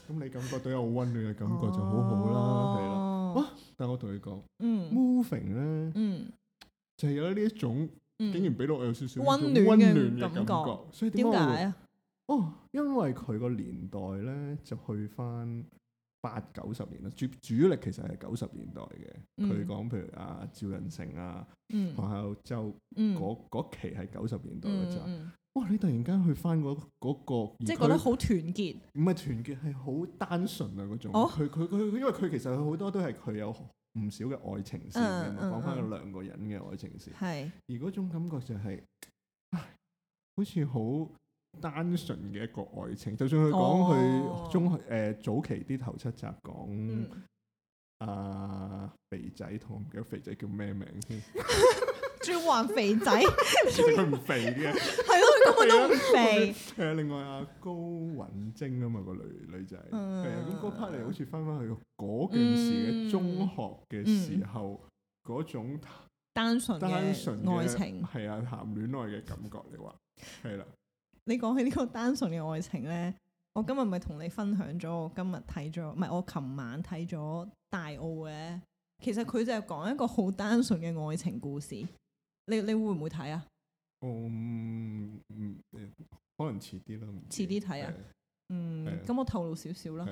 咁你感覺到有好温暖嘅感覺就好好啦，係啦。但我同你講，moving 咧，就係有呢一種，竟然俾到我有少少温暖嘅感覺。所以點解啊？哦，因為佢個年代咧，就去翻。八九十年啦，主主力其實係九十年代嘅。佢講、嗯、譬如阿趙仁成啊，然後、嗯啊、就嗰、嗯、期係九十年代嘅啫。哇、嗯嗯哦！你突然間去翻嗰嗰個，即係覺得好團結。唔係團結，係好單純啊嗰種。哦。佢佢佢，因為佢其實佢好多都係佢有唔少嘅愛情線，講翻佢兩個人嘅愛情線。係、嗯。是而嗰種感覺就係、是，好似好。單純嘅一個愛情，就算佢講佢中學誒、呃、早期啲頭七集講阿、嗯啊、肥仔，同我唔記得肥仔叫咩名先，仲話 肥仔，其實佢唔肥嘅，係咯， 佢根本都唔肥。誒，另外阿高允貞啊嘛，個女女仔，係啊、嗯，咁嗰 part 嚟，好似翻翻去嗰陣時嘅中學嘅時候嗰種單純單純嘅愛情，係啊，談戀愛嘅感覺你話係啦。你講起呢個單純嘅愛情呢，我今日咪同你分享咗，我今日睇咗，唔係我琴晚睇咗《大奧》嘅。其實佢就係講一個好單純嘅愛情故事。你你會唔會睇啊？嗯，可能遲啲啦。遲啲睇啊？嗯，咁我透露少少啦。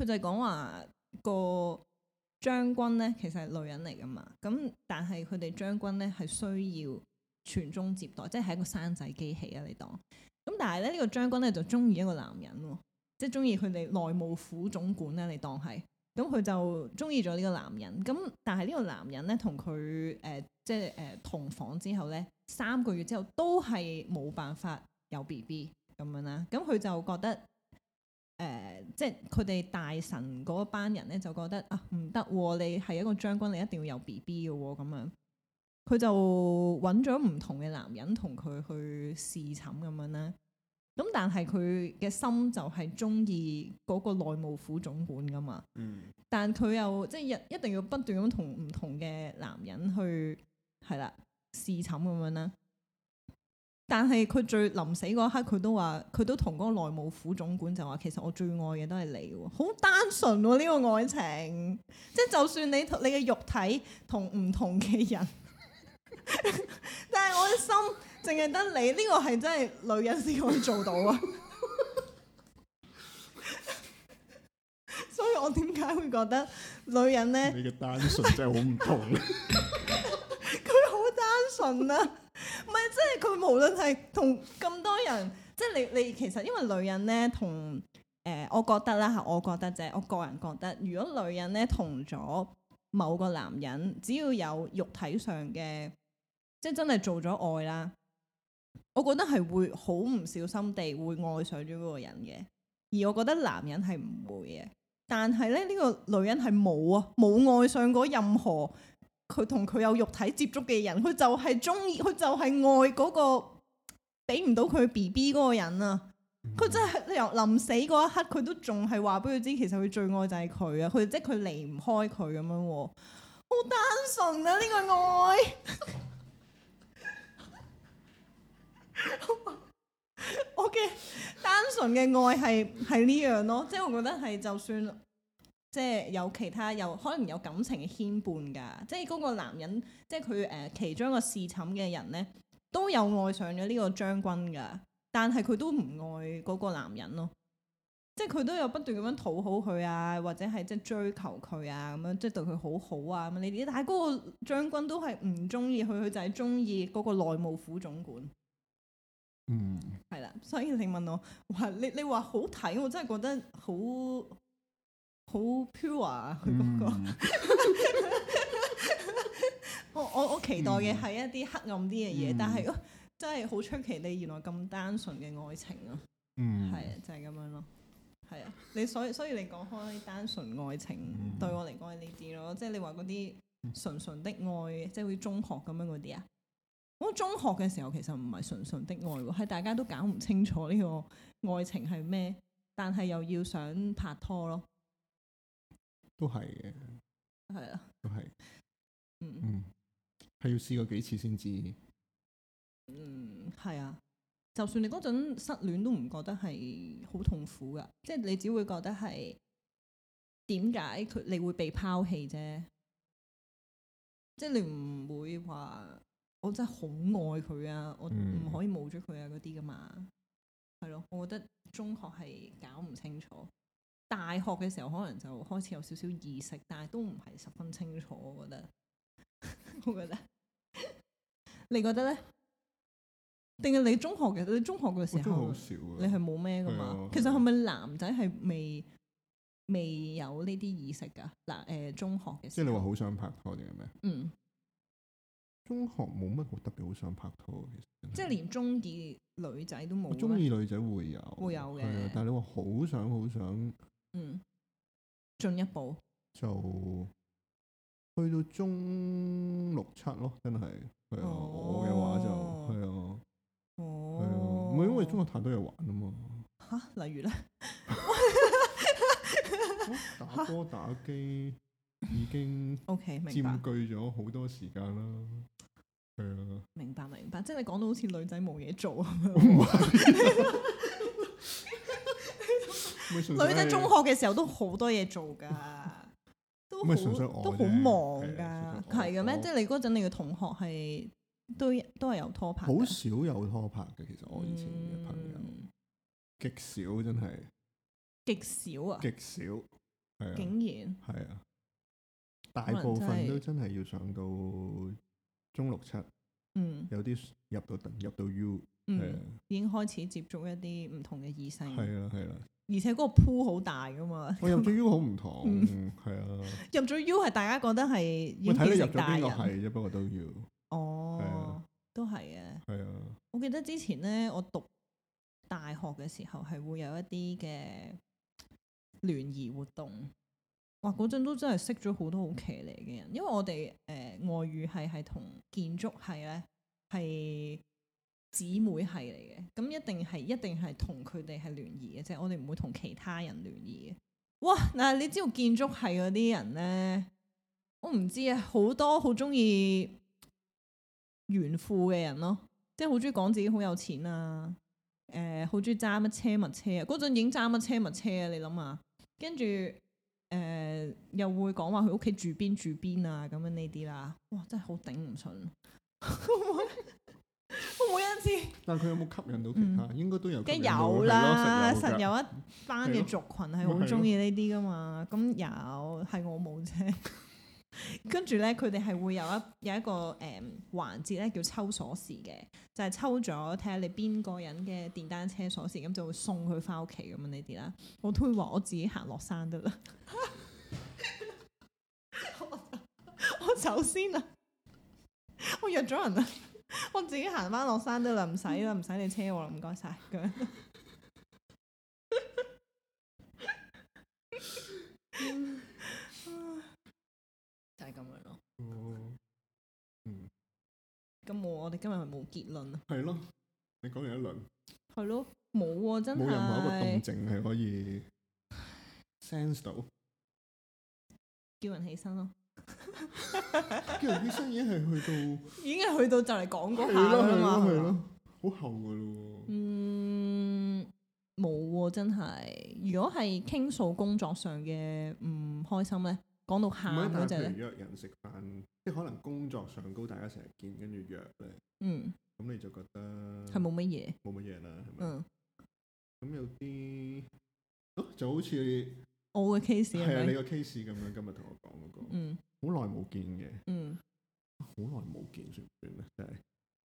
佢就係講話個將軍呢，其實係女人嚟㗎嘛。咁但係佢哋將軍呢，係需要。傳宗接代，即係一個生仔機器啊！你當咁，但係咧呢個將軍咧就中意一個男人咯，即係中意佢哋內務府總管啦，你當係咁，佢就中意咗呢個男人。咁但係呢個男人咧同佢誒即係誒、呃、同房之後咧三個月之後都係冇辦法有 B B 咁樣啦。咁佢就覺得誒、呃，即係佢哋大臣嗰班人咧就覺得啊唔得、啊，你係一個將軍，你一定要有 B B 嘅咁樣！佢就揾咗唔同嘅男人同佢去侍寢咁樣啦。咁但係佢嘅心就係中意嗰個內務府總管噶嘛，嗯、但佢又即係一一定要不斷咁同唔同嘅男人去係啦侍寢咁樣咧，但係佢最臨死嗰刻佢都話佢都同嗰個內務府總管就話其實我最愛嘅都係你，好單純喎，呢個愛情，即係就算你你嘅肉體同唔同嘅人。 但係我嘅心淨係得你呢，這個係真係女人先可以做到啊！ 所以我點解會覺得女人咧？你嘅單純真係好唔同，佢好單純啊！唔係，即係佢無論係同咁多人，即、就、係、是、你你其實因為女人咧同誒，我覺得啦。吓，我覺得就啫，我個人覺得，如果女人咧同咗某個男人，只要有肉體上嘅。即真係做咗愛啦，我覺得係會好唔小心地會愛上咗嗰個人嘅。而我覺得男人係唔會嘅，但係咧呢個女人係冇啊，冇愛上過任何佢同佢有肉體接觸嘅人，佢就係中意佢就係愛嗰個俾唔到佢 B B 嗰個人啊。佢真係由臨死嗰一刻，佢都仲係話俾佢知，其實佢最愛就係佢啊，佢即係佢離唔開佢咁樣喎。好單純啊，呢個愛。 我嘅單純嘅愛係係呢樣咯，即係我覺得係就算即係有其他有可能有感情嘅牽絆噶，即係嗰個男人，即係佢誒，其中一個侍寢嘅人咧，都有愛上咗呢個將軍噶，但係佢都唔愛嗰個男人咯，即係佢都有不斷咁樣討好佢啊，或者係即係追求佢啊，咁樣即係對佢好好啊咁呢啲，但係嗰個將軍都係唔中意佢，佢就係中意嗰個內務府總管。嗯，係啦，所以你問我，哇，你你話好睇？我真係覺得好好 pure 啊，佢嗰個，嗯、 我我我期待嘅係一啲黑暗啲嘅嘢，嗯、但係真係好出奇，你原來咁單純嘅愛情啊，嗯，係啊，就係咁樣咯，係啊，你所以所以，所以你講開單純愛情，嗯、對我嚟講係呢啲咯，即係你話嗰啲純純的愛，即係好似中學咁樣嗰啲啊。中學嘅時候其實唔係純純的愛喎，係大家都搞唔清楚呢個愛情係咩，但係又要想拍拖咯，都係嘅，係啊，都係，嗯嗯，係要試過幾次先知，嗯，係啊，就算你嗰陣失戀都唔覺得係好痛苦噶，即係你只會覺得係點解佢你會被拋棄啫，即係你唔會話。我真係好愛佢啊！我唔可以冇咗佢啊！嗰啲噶嘛，係咯、嗯。我覺得中學係搞唔清楚，大學嘅時候可能就開始有少少意識，但係都唔係十分清楚。我覺得，我覺得， 你覺得咧？定係你中學嘅？嗯、你中學嘅時候，好你係冇咩噶嘛？嗯、其實係咪男仔係未未有呢啲意識噶？嗱，誒，中學嘅時候，即係你話好想拍拖定係咩？嗯。中學冇乜好特別，好想拍拖，其實即係連中意女仔都冇。中意女仔會有，會有嘅。但係你話好想好想，嗯，進一步就去到中六七咯，真係係啊！哦、我嘅話就係啊，哦，係啊，唔係因為中學太多嘢玩啊嘛。吓，例如咧 哦？打波打機已經 OK，佔據咗好多時間啦。明白明白，即係你講到好似女仔冇嘢做咁樣。唔係，女仔中學嘅時候都好多嘢做噶，都好，純粹我，都好忙噶，係嘅咩？即係你嗰陣，你嘅同學係都都係有拖拍，好少有拖拍嘅。其實我以前嘅朋友極少，真係極少啊！極少係啊，竟然係啊，大部分都真係要上到。中六七，嗯，有啲入到入到 U，嗯，是已經開始接觸一啲唔同嘅異性，係啊係啊，啊而且嗰個鋪好大㗎嘛，我入咗 U 好唔同，係、嗯、啊， 入咗 U 係大家覺得係，睇你入咗邊個係啫，不過都要，哦，都係嘅，係啊，我記得之前咧，我讀大學嘅時候係會有一啲嘅聯誼活動。哇！嗰陣都真係識咗好多好騎呢嘅人，因為我哋誒外語系係同建築系咧係姊妹系嚟嘅，咁一定係一定係同佢哋係聯誼嘅啫，我哋唔會同其他人聯誼嘅。哇！嗱，你知道建築系嗰啲人咧，我唔知啊，好多好中意炫富嘅人咯，即係好中意講自己好有錢啊，誒，好中意揸乜車乜車啊！嗰陣已經揸乜車乜車啊！你諗下，跟住。誒、呃，又會講話佢屋企住邊住邊啊，咁樣呢啲啦，哇，真係好頂唔順。 我每一次，但係佢有冇吸引到其他？嗯、應該都有，梗有啦，實有，有一班嘅族群係好中意呢啲㗎嘛，咁的有係我冇啫。的 跟住咧，佢哋係會有一有一個誒、嗯、環節咧，叫抽鎖匙嘅，就係、是、抽咗睇下你邊個人嘅電單車鎖匙，咁就，就，就會送佢翻屋企咁啊呢啲啦。我都會話我自己行落山得啦， 我先走先啦，我約咗人啦，我自己行翻落山得啦，唔使啦，唔使你車我喎，唔該曬。 係咁 嗯、樣咯。哦，咁我哋今日係冇結論啊。係咯，你講完一輪。係咯，冇喎，真係。冇任何一個動靜係可以 sense 到。叫人起身咯。叫人起身已經係去到， 已經係去到就嚟講嗰下啦嘛。係咯， 係咯，好了吧後噶咯、啊。嗯，冇喎、啊，真係。如果係傾訴工作上嘅唔開心咧？講到下，就約人食飯，即係可能工作上高大家成日見，跟住約咧，咁、嗯、你就覺得係冇乜嘢，冇乜嘢啦，係咪？咁、嗯、有啲、哦、就好似我嘅的 case 係啊，你個 case 咁樣今日同我講嗰個，好耐冇見嘅，好耐冇見算唔算咧？真係，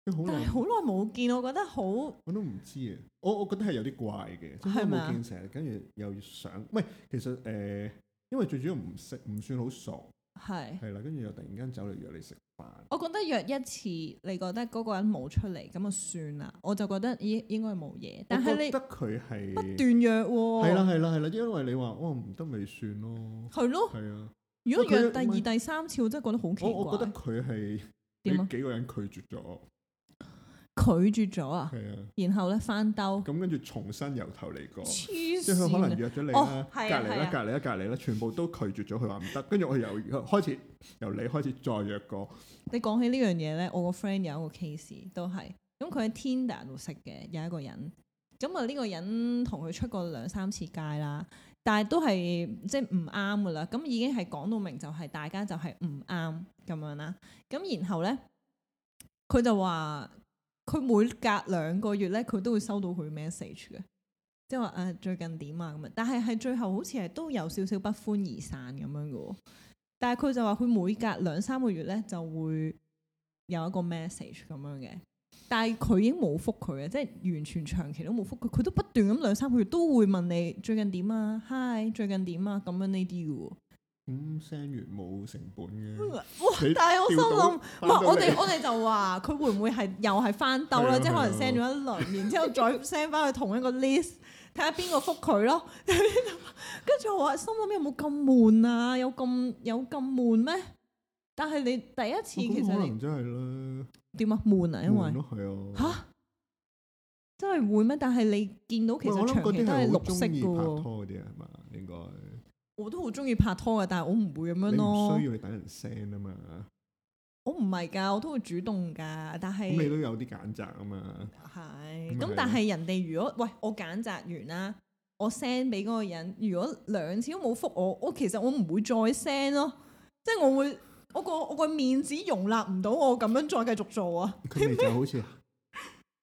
就是、但係好耐冇見，我覺得好我都唔知啊，我我覺得係有啲怪嘅，好耐冇見成日，跟住又想，喂，其實誒。呃因為最主要唔識，唔算好熟，係係啦，跟住又突然間走嚟約你食飯。我覺得約一次，你覺得嗰個人冇出嚟，咁就算啦。我就覺得咦，應該冇嘢。但係你覺得佢係不斷約喎、啊。係啦係啦係啦，因為你話哦唔得咪算咯，係咯，係啊。如果約他第二是第三次，我真係覺得好奇怪。我我覺得佢係點啊，幾個人拒絕咗。拒絕咗啊，係啊，然後咧翻兜，咁跟住重新由頭嚟過，癡線，即係佢可能約咗你啦，隔籬、哦啊、啦，隔籬、啊、啦，隔籬啦，啦，全部都拒絕咗，佢話唔得，跟住我由 開始由你開始再約過。你講起呢樣嘢咧，我個 friend 有一個 case 都係，咁佢喺 Tinder 度識嘅有一個人，咁啊呢個人同佢出過兩三次街啦，但係都係即係唔啱噶啦，咁已經係講到明就係大家就係唔啱咁樣啦，咁然後咧佢就話。佢每隔兩個月咧，佢都會收到佢 message 嘅，即係話，誒最近點啊咁樣，但係係最後好似係都有少少不歡而散咁樣嘅，但係佢就話佢每隔兩三個月咧就會有一個 message 咁樣嘅，但係佢已經冇覆佢嘅，即係完全長期都冇覆佢，佢都不斷咁兩三個月都會問你最近點啊，hi 最近點啊咁樣呢啲嘅喎。咁 send 完冇成本嘅，哇！但係我心諗，唔係，我哋我哋就話佢會唔會係又係翻兜咧？即係可能 send 咗一輪，然之後再 send 翻去同一個 list，睇下邊個覆佢咯。跟住我話心諗邊有冇咁悶啊？有咁有咁悶咩？但係你第一次其實點啊？悶啊，因為吓，真係悶咩？但係你見到其實長期都係綠色嘅喎。我都好中意拍拖嘅，但係我唔會咁樣咯。你唔需要去等人 send 啊嘛。我唔係噶，我都會主動噶。但係你都有啲揀擇啊嘛。係是，咁但係人哋如果喂，我揀擇完啦，我 send 俾嗰個人，如果兩次都冇複我，我其實我唔會再 send 咯。即係我會，我個我個面子容納唔到我咁樣再繼續做啊。佢哋就好似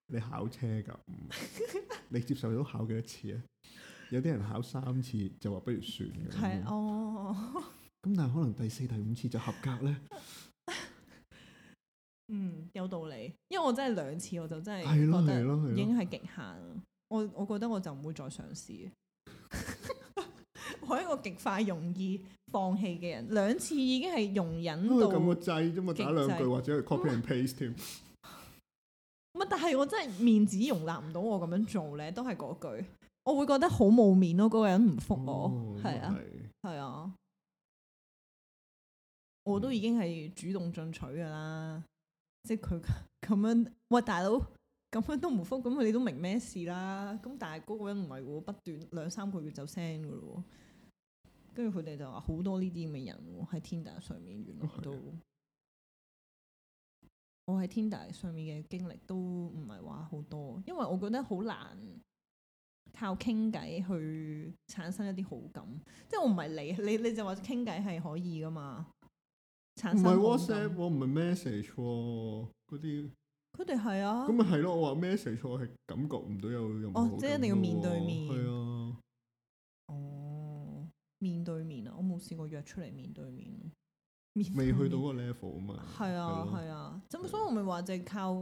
你考車咁， 你接受到考幾多次啊？有啲人考三次就話不如算嘅，係哦。咁但係可能第四、第五次就合格咧。嗯，有道理。因為我真係兩次，我就真係覺得已經係極限。我我覺得我就唔會再嘗試。的 我係一個極快容易放棄嘅人，兩次已經係容忍到。咁個掣啫嘛，打兩句或者係 copy and paste 添、嗯。乜、嗯？但係我真係面子容納唔到我咁樣做咧，都係嗰句。我會覺得好冇面咯，嗰、那個人唔復我，係、哦、啊，係是啊，我都已經係主動進取噶啦，嗯、即係佢咁樣，喂大佬咁樣都唔復，咁佢哋都明咩事啦。咁但係嗰個人唔係喎，不斷兩三個月就 send 噶咯，跟住佢哋就話好多呢啲咁嘅人喺 Tinder 上面，原來都的我喺 Tinder 上面嘅經歷都唔係話好多，因為我覺得好難。靠傾偈去產生一啲好感，即係我唔係你，你你就話傾偈係可以㗎嘛？唔係 WhatsApp 我唔係 message 喎、哦，嗰啲佢哋係啊。咁咪係咯，我話 message 我係感覺唔到有任何好感。哦，即係一定要面對面。係啊。哦，面對面啊！我冇試過約出嚟面對面。未去到嗰個 level 啊嘛，係啊係啊，咁所以我咪話就係靠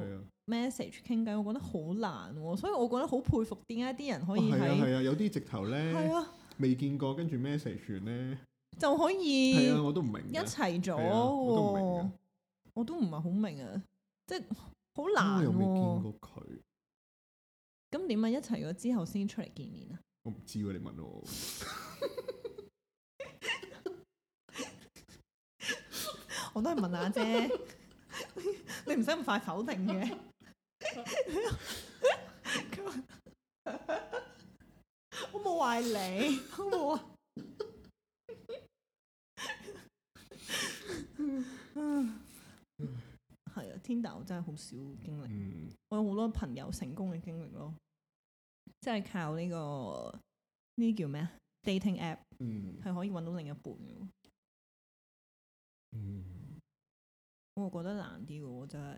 message 傾偈，我覺得好難，所以我覺得好佩服，點解啲人可以係啊係啊，有啲直頭咧，係啊，未見過跟住 message 完咧就可以，係啊我都唔明，一齊咗，我都唔明，我都唔係好明啊，即係好難，又未見過佢，咁點解一齊咗之後先出嚟見面啊？我唔知你問我。我都係問下啫，你唔使咁快否定嘅。 我冇話你，我冇話。嗯 嗯，係啊，Tinder 真係好少經歷。嗯、我有好多朋友成功嘅經歷咯，即係靠呢、呢個呢啲叫咩啊？dating app，係、嗯、可以搵到另一半嘅。嗯。我覺得難啲喎，真係。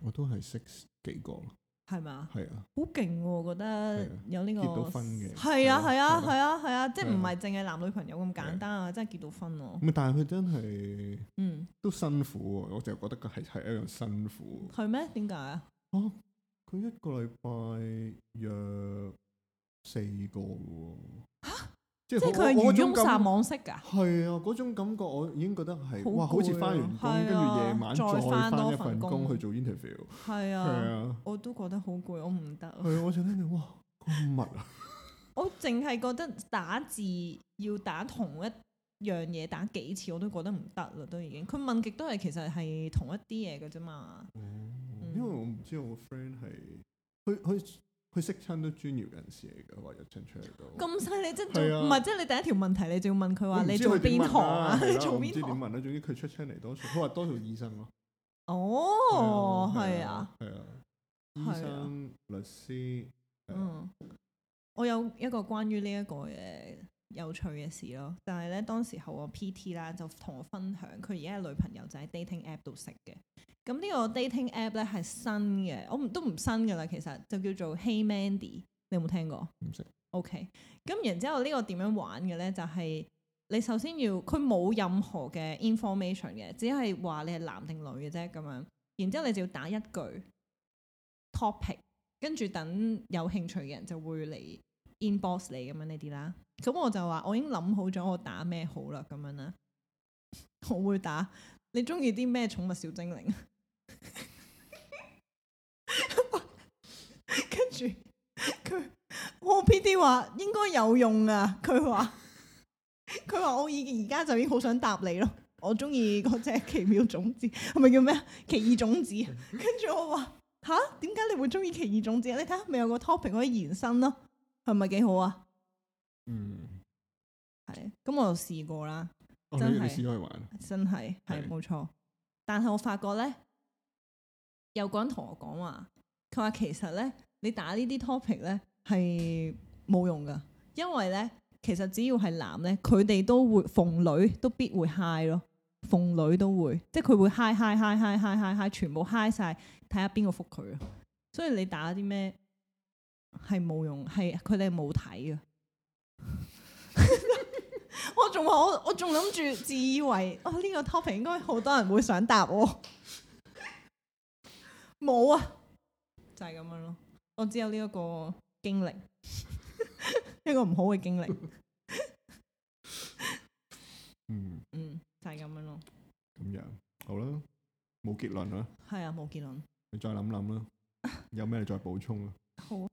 我都係識幾個。係咪？係啊。好勁喎，我覺得有呢個。結到婚嘅。係啊係啊係啊係啊，即係唔係淨係男女朋友咁簡單啊，真係結到婚咯。咪但係佢真係，嗯，都辛苦。我淨係覺得佢係係一樣辛苦。係咩？點解啊？啊！佢一個禮拜約四個喎。嚇！即係佢係亂湧晒網式㗎。係啊，嗰種感覺我已經覺得係哇，好似翻完工跟住夜晚再翻多份工去做 interview。係啊，我都覺得好攰，我唔得。係啊，我想聽你哇咁密啊！我淨係覺得打字要打同一樣嘢打幾次，我都覺得唔得啦，都已經。佢問極都係其實係同一啲嘢嘅啫嘛。因為我唔知我個 friend 係。佢佢。佢識親都專業人士嚟㗎，話入場出嚟都咁犀利，即係唔係？即係你第一條問題，你就要問佢話你做邊行啊？做邊行啊？唔知點問啦、啊。總之佢出親嚟，多數佢話多數醫生咯。哦，係啊。係、哦、啊，啊啊是啊醫生、是啊、律師。啊、嗯，我有一個關於呢一個嘅有趣嘅事咯，但係咧當時候我 PT 啦，就同我分享佢而家嘅女朋友就喺、是、dating app 度識嘅。咁呢個 dating app 咧係新嘅，我唔都唔新噶啦，其實就叫做 Hey Mandy，你有冇聽過？唔識懂。OK，咁然之後呢個點樣玩嘅咧？就係、是、你首先要佢冇任何嘅 information 嘅，只係話你係男定女嘅啫咁樣。然之後你就要打一句 topic，跟住等有興趣嘅人就會嚟 inbox 你咁樣呢啲啦，咁我就話我已經諗好咗我打咩好啦，咁樣啦，我會打你中意啲咩寵物小精靈啊？ 跟住佢我 P D 話應該有用啊，佢話佢話我而而家就已經好想答你咯，我中意嗰隻奇妙種子係咪叫咩？奇異種子？跟住我話吓，點解你會中意奇異種子？你睇下咪有個 topic 可以延伸咯。係咪幾好啊？嗯，係咁，我又試過啦，哦、真係試咗玩，真係係冇錯。但係我發覺咧，有個人同我講話，佢話其實咧，你打呢啲 topic 咧係冇用噶，因為咧，其實只要係男咧，佢哋都會逢女都必會嗨咯，逢女都會，即係佢會嗨、嗨、嗨、嗨、嗨、嗨，全部嗨晒，睇下邊個覆佢啊。所以你打啲咩？係冇用，係佢哋冇睇啊！我仲話我我仲諗住自以為啊呢、哦呢個 topic 應該好多人會想答我，冇 啊，就係咁樣咯。我只有呢 一個經歷，一個唔好嘅經歷。嗯嗯，就係、是、咁樣咯。咁樣好啦，冇結論啦。係啊，冇結論。你再諗諗啦，有咩再補充 啊？好。